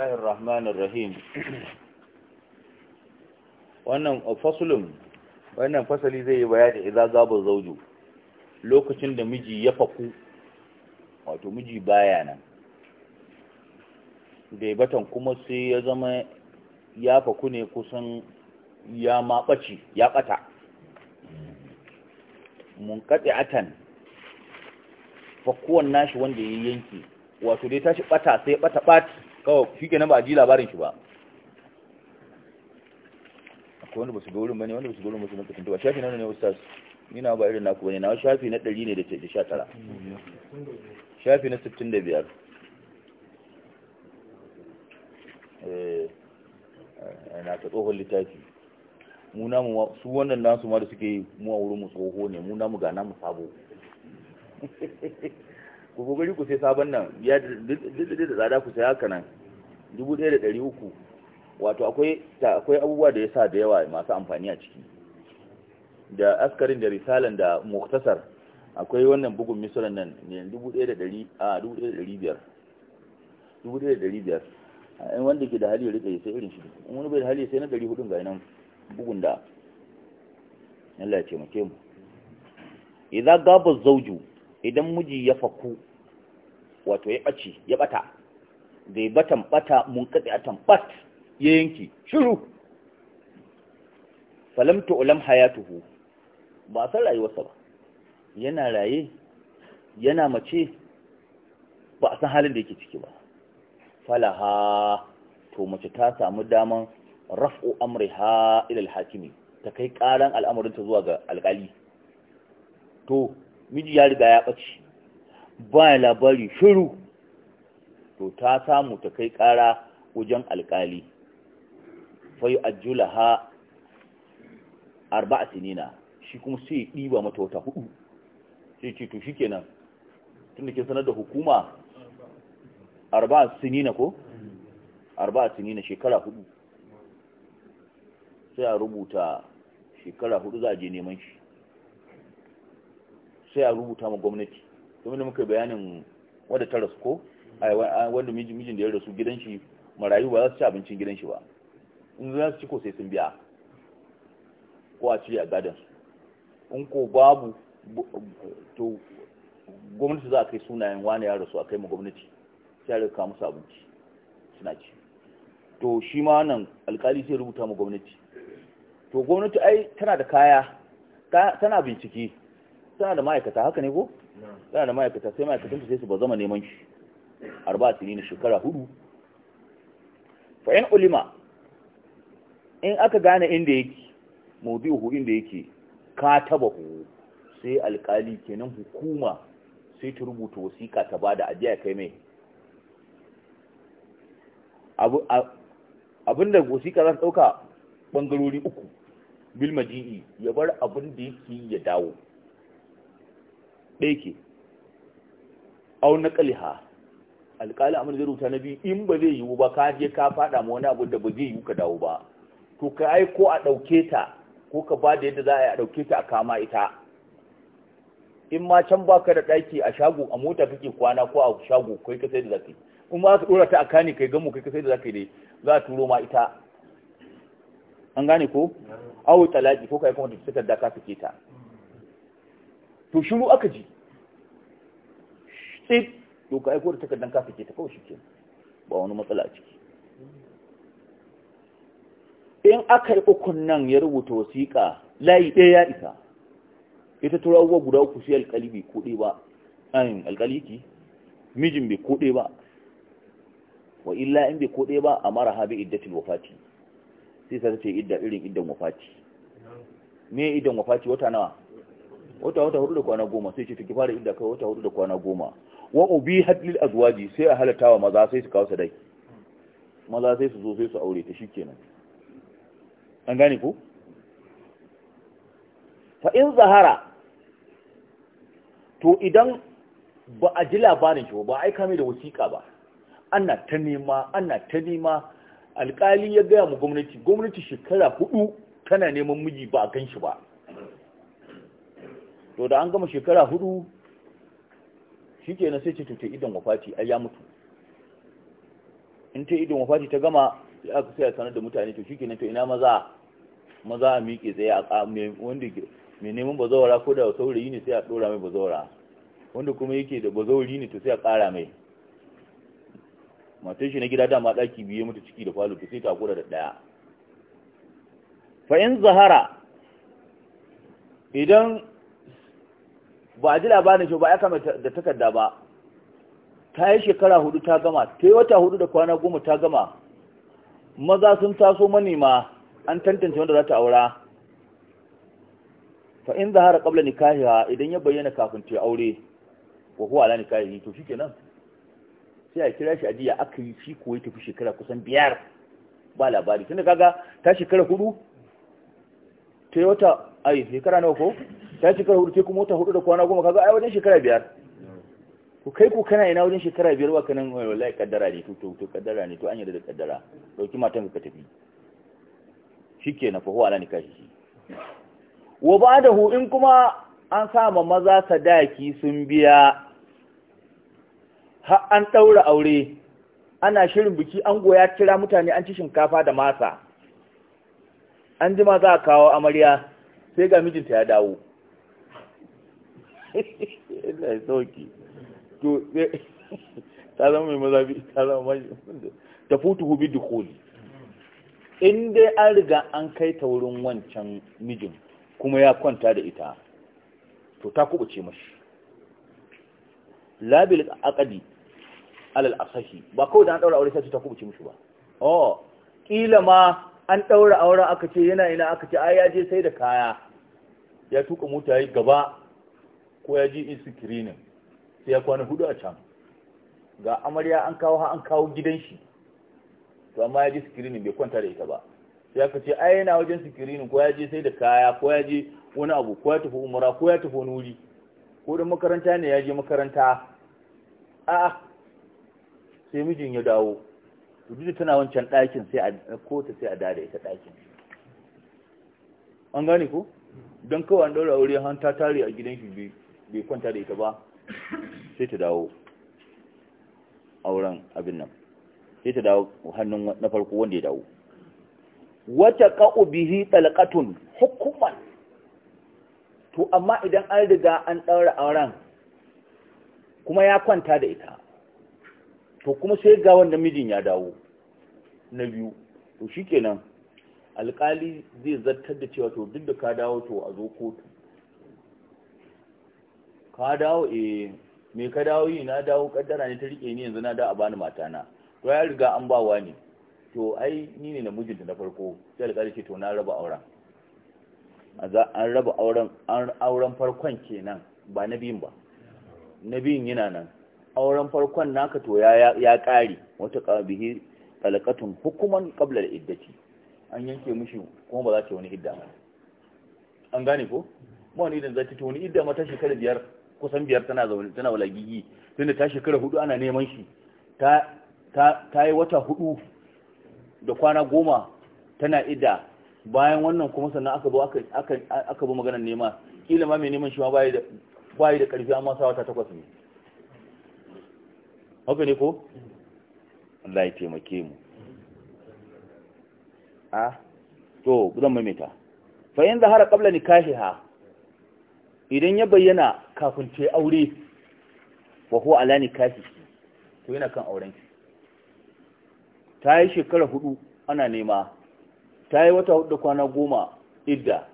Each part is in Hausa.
الله الرحمن الرحيم wannan fasulun wannan fasali zai yi bayani idan gaba zauju lokacin da miji ya faku wato miji baya nan batan kuma sai ya zama ya faku ne kusan ya maɓaci ya ɓata mun katse atan fakuwan nashi wanda ya yanki wato dai tashi ɓata sai ɓata bata kawai shi kenan ba a ji labarin shi ba akwai wanda ba su gaurin bane wanda ba su gaurin musulun su nuka shafi nan ne ustaz ni na ba irin naku bane ne na shafi na ɗari ne da sha tara shafi na sittin da biyar eh, eh, na ta tsohon littafi mu namu su wannan nasu ma da suke mu a wurin mu tsoho ne mu namu ga namu sabo ku gari ku sai sabon nan ya duk da tsada ku sai haka nan dubu ɗaya da ɗari uku wato akwai akwai abubuwa da ya sa da yawa masu amfani a ciki da askarin da risalan da muktasar akwai wannan bugun misalan nan ne dubu ɗaya da ɗari a dubu ɗaya da ɗari biyar dubu ɗaya da ɗari biyar yan wanda ke da hali ya rika sai irin shi in wani bai da hali sai na ɗari hudun ga nan bugun da Allah ya ce mu idan gabas zauju idan miji ya faku wato ya ɓace ya ɓata da ya batan ɓata mun kaɗe a tambat ya yanki shiru falamta ulam hayatuhu ba san rayuwarsa ba yana raye yana mace ba a san halin da yake ciki ba falaha to mace ta samu daman raf'u amri ila al-hakimi ta kai karan al'amarin zuwa ga alƙali to miji ya riga ya ɓace ba labari shiru to ta samu ta kai kara wajen alkali fayu ha arba'a sinina shi kuma sai ɗiba mata wata hudu sai ce to shi tun tunda ke sanar da hukuma arba'a sinina ko arba'a sinina shekara hudu sai a rubuta shekara hudu za a je neman shi sai a rubuta ma gwamnati kuma da muka bayanin wadda ta rasu ko wanda mijin da ya rasu gidanshi marayu ba za su ci abincin gidanshi ba in za su ci ko sai sun biya ko a ci a gadon in ko babu to gwamnati za a kai sunayen wani ya rasu a kai ma gwamnati sai da kama sabunci suna ci to shi ma nan alkali sai rubuta ma gwamnati to gwamnati ai tana da kaya tana bincike tana da ma'aikata haka ne ko yana da ma'aikata sai ma'aikatan sai su ba zama neman shi arba na shekara hudu fa'in ulima in aka gane inda yake mawdu'uhu inda yake ka taba hu sai alkali kenan hukuma sai ta rubuta wasiƙa ta bada ajiya kai mai abinda wasiƙa za ta ɗauka ɓangarori uku bilmaji'i ya bar abin da yake ya dawo ɗaya ke au naqliha alƙali amur zai rubuta na biyu in ba zai yiwu ba ka je ka faɗa ma wani abu da ba zai yiwu ka dawo ba to ka ai ko a ɗauke ta ko ka ba da yadda za a yi a ɗauke ta a kama ita in ma can ba ka da ɗaki a shago a mota kake kwana ko a shago kai ka sai da zaka yi in ma ka ɗora ta a kani kai gamu kai ka sai da zaka yi za a turo ma ita an gane ko awu talaki ko ka yi kuma ta fitar da ka sake ta to shiru aka ji tsit to ka aiko da takardar kafa ke ta kawai shi ba wani matsala a ciki in aka yi ukun nan ya rubuta wasiƙa layi ɗaya ya isa ita tura abubuwa guda uku sai alƙali bai koɗe ba ayin alƙali ki mijin bai koɗe ba wa illa in bai koɗe ba a mara habi iddatin wafati sai sa ce idda irin iddan wafati me iddan wafati wata nawa wata wata hudu da kwana goma sai ce ta ki fara inda kai wata hudu da kwana goma wa ubi hadlil azwaji sai a wa maza sai su kawo dai maza sai su zo sai su aure ta shikenan an gane ko fa in zahara to idan ba a ji labarin shi ba aika mai da wasiƙa ba ana ta nema ana ta nema alƙali ya gaya mu gwamnati gwamnati shekara hudu tana neman miji ba a kan shi ba to da an gama shekara hudu shi ke sai ce tuta idon wafati ai ya mutu in ta idon wafati ta gama sai aka sai a sanar da mutane to shi ke to ina maza maza a miƙe tsaye a wanda mai neman bazawara ko da saurayi ne sai a ɗora mai bazawara wanda kuma yake da bazawari ne to sai a ƙara mai matan shi na gida dama ɗaki biye mata ciki da falo to sai ta kura da ɗaya fa'in zahara idan ba a ji labarin shi ba ya kama da takarda ba ta yi shekara hudu ta gama ta yi wata hudu da kwana goma ta gama maza sun taso manema an tantance wanda za ta aura fa in zahara nikahi ha idan ya bayyana kafin ta aure wa kuwa ala ne to nan? sai a kira shi ajiya aka yi shi koyi tafi shekara kusan biyar ba labari tunda kaga ta shekara hudu ta yi wata ai shekara nawa ko ta shekara hudu sai kuma wata hudu da kwana goma kaga ai wajen shekara biyar ku kai ku kana ina wajen shekara biyar ba kanan wallahi kaddara ne to to kaddara ne to an yarda da kaddara dauki matan ka tafi shikenan fa huwa ala nikahi shi wa ba'dahu in kuma an sama maza sadaki sun biya Ha an daura aure ana shirin biki an goya kira mutane an ci shinkafa da masa an ji za a kawo amarya sai ga mijinta ya dawo Allah ya sauki to eh, ta zama mai mazabi ta zama mai ta futu hubi dukoli in dai an riga an kai ta wurin wancan mijin kuma ya kwanta da ita to ta kubuce mashi labil aqdi alal asahi ba kawai da an daura aure sai ta kubuce mashi ba oh kila ma an daura auren aka ce yana ina aka ce ai ya je sai da kaya ya tuka mota yi gaba ko ya je in sikirinin sai ya kwana hudu a can ga amarya an kawo ha an kawo gidan shi to amma ya je sikirinin bai kwanta da ita ba sai aka ce ai yana wajen sikirinin ko ya je sai da kaya ko ya je wani abu ko ya tafi umara ko ya tafi wani wuri ko da makaranta ne ya je makaranta a'a sai mijin ya dawo duk tana wancan ɗakin sai a kota sai a da ita ɗakin an gane ko don kawai an ɗaura aure han ta tare a gidan shi biyu bai kwanta da ita ba sai ta dawo auren abin nan sai ta dawo hannun na farko wanda ya dawo wata ka'u bihi talqatun hukuman to amma idan an riga an daura auren kuma ya kwanta da ita to kuma sai ga wannan mijin ya dawo na biyu to shikenan alkali zai zartar da cewa to duk da ka dawo to a zo kotu ka dawo eh me ka dawo yi na dawo kaddara ne ta rike ni yanzu na da a bani matana to ya riga an bawa ne to ai ni ne na mijinta na farko sai alƙali ce to na raba auren an raba auren an auren farkon kenan ba na biyun ba na biyun yana nan auren farkon naka to ya ya kare wata qabihi talaqatun hukuman qabla al-iddati an yanke mishi kuma ba za ta wani idda ba an gane ko mu wani idan za ta wani idda mata shekara biyar kusan biyar tana zaune tana walagigi tunda ta shekara hudu ana neman shi ta ta ta yi wata hudu da kwana goma tana ida bayan wannan kuma sannan aka zo aka aka aka bi maganar nema kila ma mai neman shi ma bai da bai da karfi amma sa wata takwas ne haka ne ko Allah ya taimake mu a ah, to zan maimaita fa in zahara qabla nikahiha idan ya bayyana kafin ta aure wa huwa ala nikahi to yana kan auren ki ta yi shekara hudu ana nema ta yi wata hudu kwana goma idda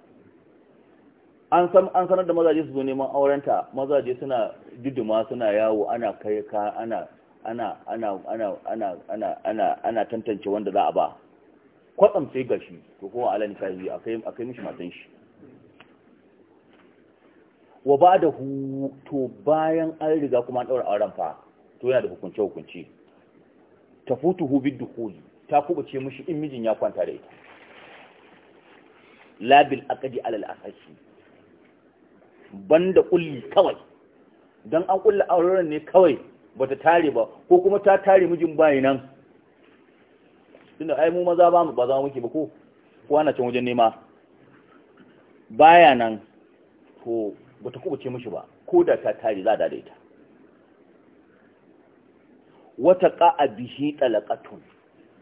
an sanar da mazaje su zo neman aurenta mazaje suna diduma suna yawo ana kai ka ana ana ana ana ana ana ana ana tantance wanda za a ba kwatsam sai gashi to kowa ala nikahi akai akai mishi matan shi wa ba da hu to bayan an riga kuma an daura auren fa to yana da hukunce hukunci ta futu hu bid dukhuli ta ce mishi in mijin ya kwanta da ita bil aqdi alal asasi banda kulli kawai dan an kulli auren ne kawai bata tare ba ko kuma ta tare mijin bayi nan tunda ai mu maza ba mu ba za mu muke ba ko ko ana can wajen nema baya nan to ba ta kubuce mishi ba ko da ta tare za da daita wata ƙa'a bihi talaqatun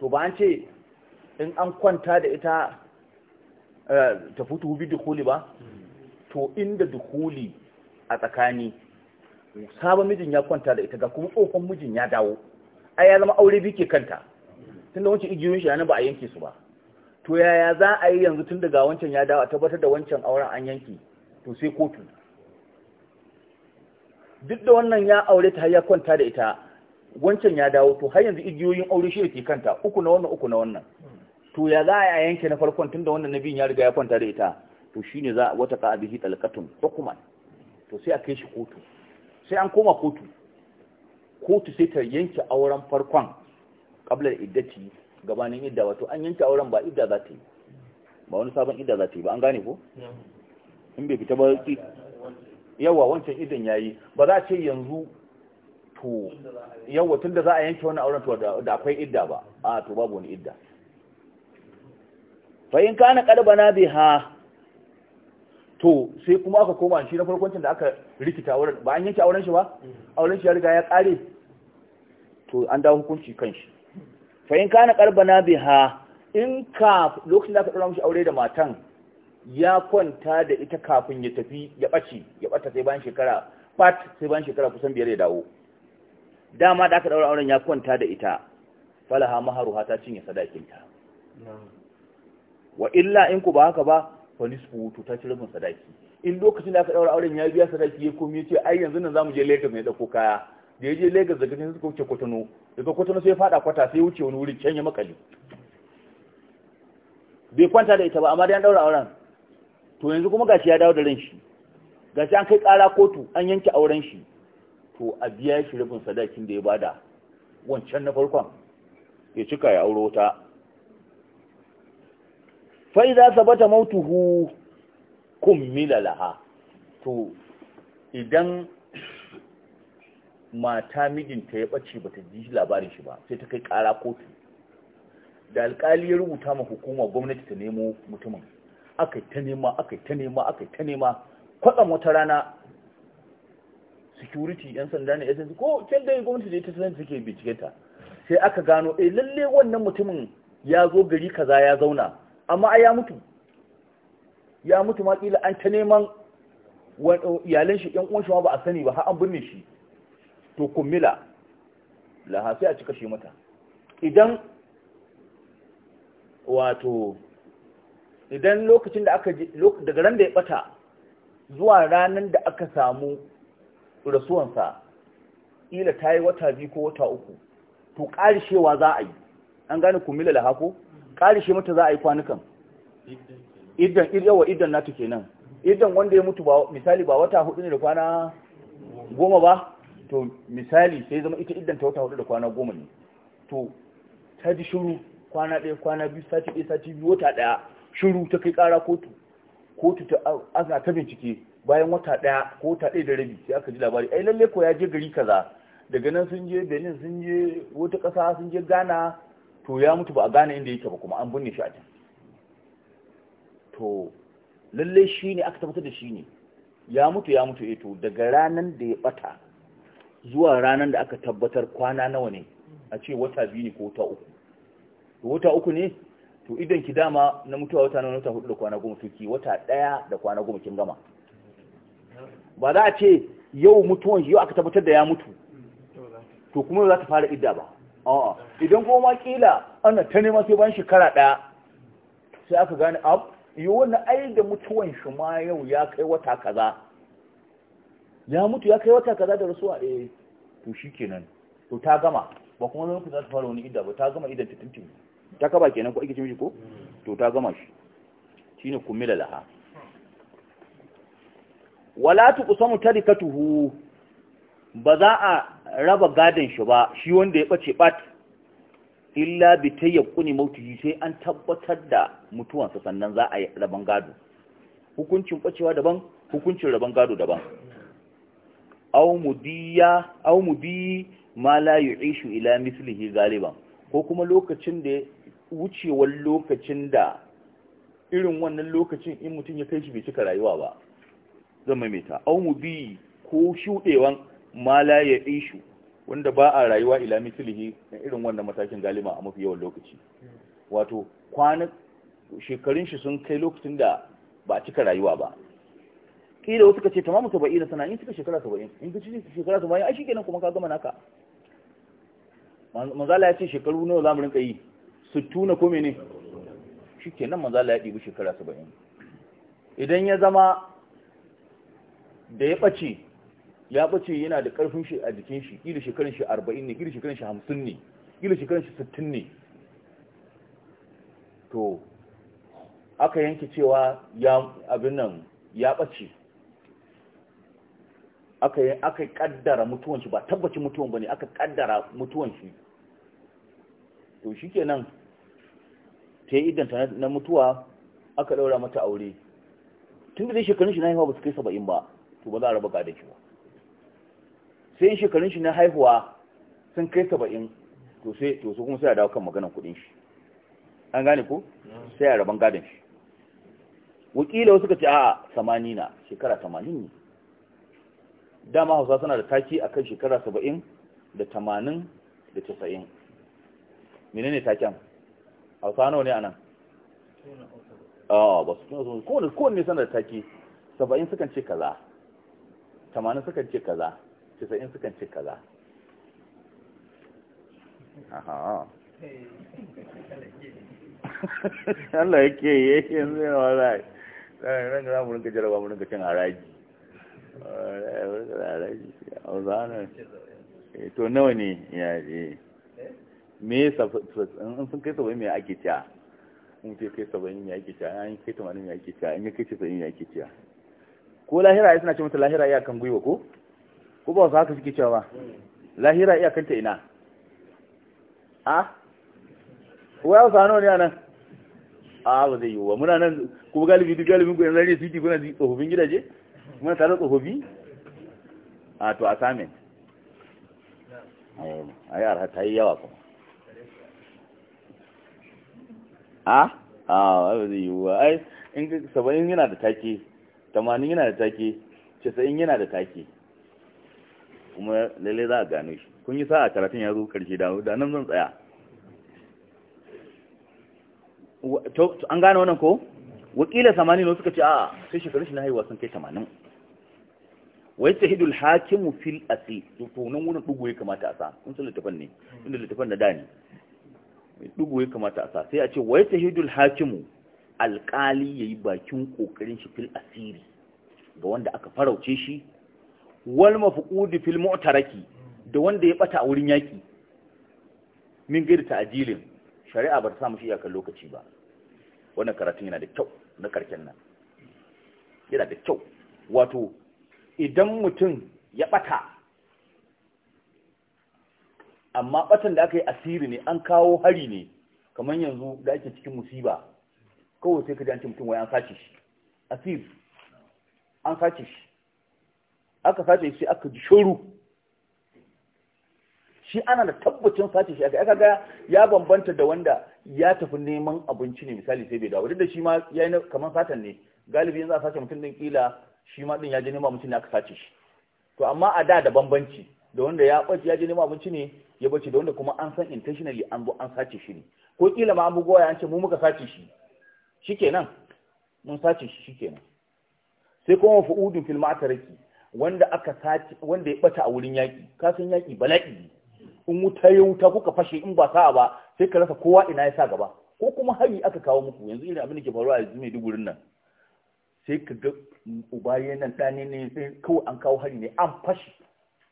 to ba an ce in an kwanta da ita eh, ta fito bi dukuli ba to inda dukuli a tsakani sabon mijin ya kwanta da ita ga kuma tsohon mijin ya dawo ai ya zama aure bi ke kanta tunda wancan igiyoyin shi yana ba a yanke su ba to yaya za a yi yanzu tun daga wancan ya dawo a tabbatar da wancan auren an yanke to sai kotu duk da wannan ya aure ta ya kwanta da ita wancan ya dawo to har yanzu igiyoyin aure shi ke kanta uku na wannan uku na wannan to ya za a yanke na farkon tunda wannan nabiyin ya riga ya kwanta da ita to shine za a wata ka abihi talqatun hukman to sai a kai shi kotu sai an koma kotu kotu sai ta yanke auren farkon qabla iddati gabanin idda wato an yanke auren ba idda za ta yi ba wani sabon idda za ta yi ba an gane ko in bai fita ba yawa wancan idan yayi ba za ce yanzu to yawa tunda za a yanke wannan auren to da akwai idda ba a to babu wani idda fa in kana qalbana biha to sai kuma aka koma shi na farkon da aka rikita auren ba an yanke auren shi ba auren shi ya riga ya kare to an dawo hukunci kan shi fa in kana qalbana biha in ka lokacin da aka dora mushi aure da matan ya kwanta da ita kafin ya tafi ya ɓace ya ɓata sai bayan shekara fat sai bayan shekara kusan biyar ya dawo dama da aka daura auren ya kwanta da ita falaha maharuha ta cinye sadakinta wa illa in ku ba haka ba fa nisfu to ta ci rabin sadaki in lokacin da aka daura auren ya biya sadaki ya komi ya ce ai yanzu nan zamu je Lagos ne ko kaya da ya je Lagos daga cikin suka wuce Kotono daga Kotono sai ya fada kwata sai ya wuce wani wuri can ya makali bai kwanta da ita ba amma dai an daura auren to yanzu kuma gashi ya dawo da ran shi gashi an kai kara kotu an yanke auren shi to a biya shi rufin sadakin da ya bada wancan na farkon ya cika ya auro ta fai za sabata mautuhu kummila laha to idan mata mijinta ya ɓace bata ji labarin shi ba sai ta kai kara kotu da alƙali ya rubuta ma hukumar gwamnati ta nemo mutumin aka ta nema aka ta nema aka ta nema kwatsam wata rana security yan sanda ne SS ko can dai gwamnati da ita san suke bincike ta sai aka gano eh lalle wannan mutumin ya zo gari kaza ya zauna amma ai ya mutu ya mutu ma kila an ta neman uh, iyalan shi yan uwan shi ma ba a sani ba har an binne shi to kummila la sai a cika shi mata idan wato idan lokacin da aka daga ran da ya bata zuwa ranar da aka samu rasuwansa ila ta yi wata biyu ko wata uku to ƙarishewa za a yi an gane kumila da hako ƙarishe mata za a yi kwanukan idan yawa idan na tuke nan. idan wanda ya mutu ba misali ba wata hudu ne da kwana goma ba to misali sai zama ita idan ta wata hudu da kwana goma ne to ta ji shuru kwana ɗaya kwana biyu sati ɗaya sati biyu wata ɗaya shiru ta kai kara kotu kotu ta aza ta bincike bayan wata daya ko wata daya da rabi sai aka ji labari ai lalle ko ya je gari kaza daga nan sun je Benin sun je wata kasa sun je Ghana to ya mutu ba a Ghana inda yake ba kuma an binne shi a can to lalle shi ne aka tabbatar da shi ne ya mutu ya mutu eh to daga ranan da ya bata zuwa ranan da aka tabbatar kwana nawa ne a ce wata biyu ne ko wata uku wata uku ne to idan ki dama na mutuwa wata na wata hudu da kwana goma ki wata daya da kwana goma kin gama ba za a ce yau mutuwan shi yau aka tabbatar da ya mutu to kuma za ta fara idda ba a'a idan goma kila ana ta nema sai bayan shekara daya sai aka gane ab yi wannan ai da mutuwan shi ma yau ya kai wata kaza ya mutu ya kai wata kaza da rasuwa eh to shikenan to ta gama ba kuma zan ku za ta fara wani idda ba ta gama idan ta tuntuni ta kaba kenan ko ake cin ko to ta gama shi shine kumila laha wala tuqsamu tarikatuhu ba za a raba gadon shi ba shi wanda ya bace bat illa bi kuni mautihi sai an tabbatar da mutuwansa sannan za a yi raban gado hukuncin bacewa daban hukuncin raban gado daban aw mudiya aw mudi ma la yu'ishu ila mislihi galiban ko kuma lokacin da wucewar lokacin da irin wannan lokacin in mutum ya kai shi bai cika rayuwa ba zan maimaita au mu bi ko shuɗewan mala ya ishu wanda ba a rayuwa ila mislihi na irin wannan matakin galima a mafi yawan lokaci wato kwanan shekarun shi sun kai lokacin da ba a cika rayuwa ba kila wasu kace tamamu saba'i na sana'in suka shekara saba'in in ka ci shekara 70 ai nan kuma ka gama naka manzala ya ce shekaru nawa zamu rinka yi sittuna ko mene shikenan nan maza ya dibi shekara saba'in idan ya zama da ya ɓace ya ɓace yana da ƙarfin shi a jikin shi ƙila shekarun shi arba'in ne ƙila shekarun shi hamsin ne ƙila shekarun shi sittin ne to aka yanke cewa ya abin nan ya ɓace aka yi aka kaddara mutuwan shi ba tabbacin mutuwan ba ne aka kaddara mutuwan shi to shikenan ta yi idanta na mutuwa aka ɗaura mata aure tun da dai shekarun shi na haihuwa ba su kai saba'in ba to ba za a raba ka da shi ba sai shekarun shi na haihuwa sun kai saba'in to sai to su kuma sai a dawo kan maganan kuɗin shi an gane ko sai a raban gadon shi wakila wasu ka ce a samani na shekara tamanin ne dama hausa suna da taki a kan shekara saba'in da tamanin da casa'in menene taken alfano ne anan ah, kowane kowane da take saba'in sukan ce kaza tamanin sukan ce kaza 90 sukan ce kaza Allah yake yake jaraba cin haraji haraji a eh, to nawa ne ya eh. me in sun kai saba'in me ake ciya in ce kai saba'in me ake ciya an kai tamanin me ake ciya in kai saba'in me ake ciya ko lahira ya suna ce mata lahira iya kan gwiwa ko ko ba wasu haka suke cewa ba lahira iya kanta ina a wa wasu hannu ne a nan a ba zai yi wa muna nan ko galibi duk galibin ku yanzu ne suke kuna tsofaffin gidaje muna tare tsofaffi a to assignment a yi arha ta yi yawa kuma a a ba zai yiwuwa ai in ka saba'in yana da take tamanin yana da take casa'in yana da take kuma lalle za a gano shi kun yi sa'a karatun ya zo karshe da da nan zan tsaya an gane wannan ko wakila samanin suka ce a sai shekarun shi na haihuwa sun kai tamanin wai ta hidul hakimu fil asli to nan wurin dugu ya kamata a sa in sun littafan ne inda littafan da dani dugu ya kamata a sa sai a ce wa ya tahidul hakimu alƙali ya yi bakin ƙoƙarin shi fil asiri ga wanda aka farauce shi wal mafuqudi fil mu'taraki da wanda ya ɓata a wurin yaki min ta ajilin shari'a ba ta sa mushi iyakar lokaci ba wannan karatun yana da kyau na karken nan yana da kyau wato idan mutum ya ɓata. amma batan da aka yi asiri ne an kawo hari ne kamar yanzu da ake cikin musiba kawai sai ka ji mutum wai an sace shi asir an sace shi aka sace shi aka ji shoru shi ana da tabbacin sace shi aka ga ya bambanta da wanda ya tafi neman abinci ne misali sai bai dawo duk da shi ma ya yi kamar satan ne galibi yanzu a sace mutum din kila shi ma din ya je neman abinci ne aka sace shi to amma a da da bambanci da wanda ya ɓace ya je neman abinci ne ya bace da wanda kuma an san intentionally an zo an sace shi ne ko kila ma an bugo ya an ce mu muka sace shi shikenan mun sace shi shikenan sai kuma fu'udun fil ma'taraki wanda aka sace wanda ya bata a wurin yaki ka san yaki bala'i in wuta ya wuta kuka fashe in ba sa'a ba sai ka rasa kowa ina ya sa gaba ko kuma hari aka kawo muku yanzu irin abin da ke faruwa a yanzu mai dugurin nan sai ka ga uba nan ɗane ne sai kawai an kawo hari ne an fashe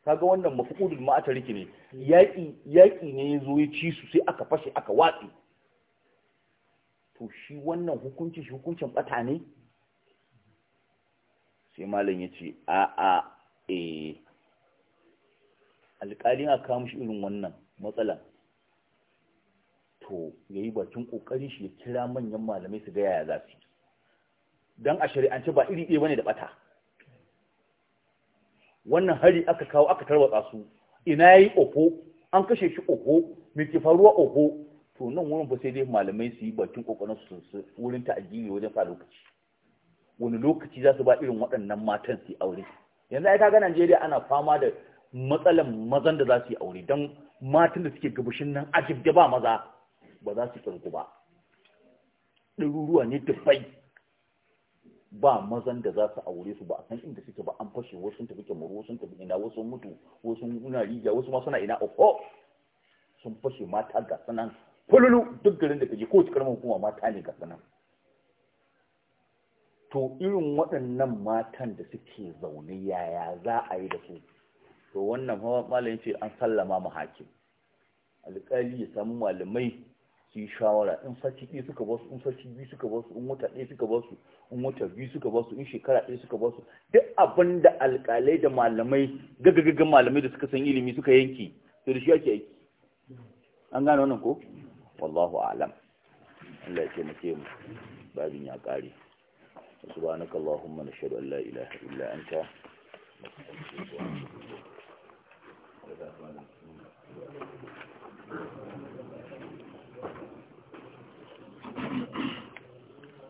kaga wannan mafukudul ma'atariki ne yaƙi yaƙi ne ya zo ya ci su sai aka fashe aka watsi to shi wannan hukunci shi hukuncin bata ne sai malam ya ce a a eh alƙalin a kawo shi irin wannan matsala. to ya yi bakin ƙoƙari shi ya kira manyan malamai su ga yaya zafi. su don a shari'ance ba iri ɗaya ne da bata wannan hari aka kawo aka tarwatsa su ina yi oho? an kashe shi oho? Mai ke faruwa oho? to nan wurin ba sai dai malamai su yi bakin kokarin su su wurin ajiye wajen sa lokaci wani lokaci za su ba irin waɗannan matan su yi aure yanzu ai kaga Najeriya ana fama da matsalan mazan da za su yi aure don matan da suke gabashin nan ajib da ba maza ba za su tsinku ba ɗaruruwa ne dubbai ba mazan da za su aure su ba a san inda suke ba an fashe wasu sun tafi wasu sun tafi ina wasu mutu wasu suna rijiya wasu ma suna ina oho sun fashe mata ga sanan fululu duk garin da kaje kowace karamar hukuma mata ne ga sanan to irin waɗannan matan da suke zaune yaya za a yi da su to wannan hawa malayin ce an sallama mu hakim alƙali ya samu malamai su yi shawara in sati ɗaya suka basu in sati biyu suka basu in wata ɗaya suka basu in wata biyu suka basu in shekara ɗaya suka basu duk abin da alƙalai da malamai gagagagan malamai da suka san ilimi suka yanki to da shi ake aiki an gane wannan ko wallahu a'lam Allah ya ce mu mu babin ya ƙare subhanaka allahumma nashhadu an la ilaha illa anta Thank you.